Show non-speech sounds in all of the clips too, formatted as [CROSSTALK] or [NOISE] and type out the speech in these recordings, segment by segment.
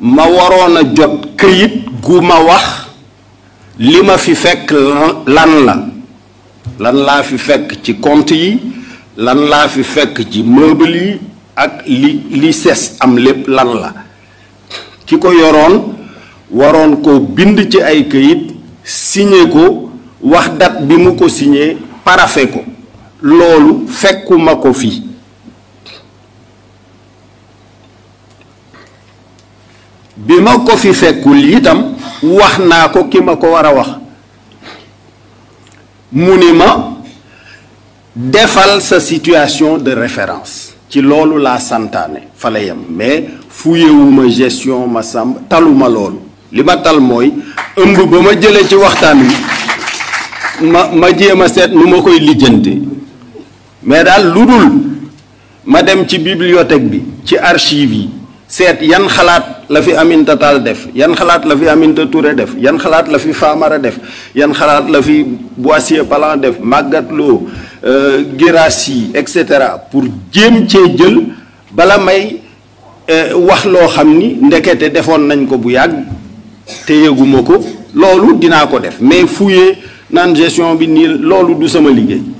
ma waroon a jot këyit gu ma wax li ma fi fekk lan la lan laa fi fekk ci compte yi lan laa fi fekk ci meuble yi ak li li ses am lépp lan la ki ko yoroon waroon ko bind ci ay këyit signé ko wax dat bi mu ko siñee parafe ko loolu fekkuma ko fii bi ma ko fi fekkul itam wax naa ko ki ma ko war a wax mu ni ma defal sa situation de référence ci loolu laa santaane fa la yem mais fuyewuma gestion ma sàmm taluma loolu li ma tal mooy ëmb ba ma jëlee ci waxtaan wi ma ma jéem a seet nu ma koy lijjante mais daal lu dul ma dem ci bibliothèque bi ci archive yi seet yan xalaat la fi Aminata taal def yan xalaat la fi Aminata Touré def yan xalaat la fi Famara def yan xalaat la fi Boissier Palan def Magatte Lô euh, Guirassy et cetera pour jéem cee jël bala may euh, wax loo xam ni ndekete defoon nañ ko bu yàgg te yëguma ko loolu dinaa ko def mais fuuye naan gestion bi nii loolu du sama liggéey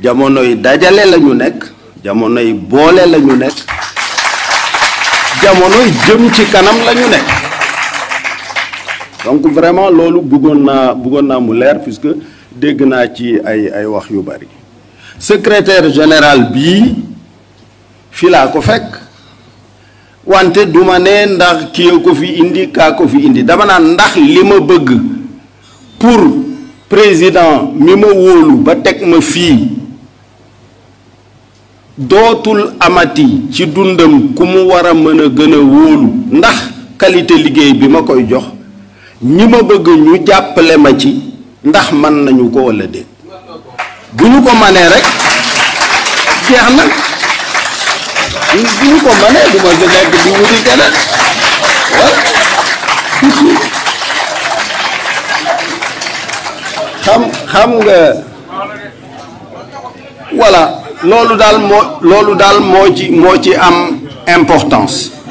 jamono yi dajale lañu nek nekk jamono yi boole la ñu jamono yi jëm ci kanam lañu nek donc vraiment loolu bëggoon naa bëggoon naa mu leer puisque dégg na ci ay ay wax yu bari secrétaire général bi fii ko fek wante duma né ndax ki ko fi indi kaa ko fi indi dama na ndax li ma bëgg pour président mi ma ba tek ma fii dootul amati ci dundam ku mu war a mën a gën a wóolu ndax qualité liggéey bi ma koy jox ñi ma bëgg ñu jàppale ma ci ndax man nañu ko wala déet bu ñu ko manee rekk jeex na bu ñu ko manee du ma di wuti keneen [LAUGHS] xam xam nga voilà loolu daal moo loolu daal moo ci moo ci am importance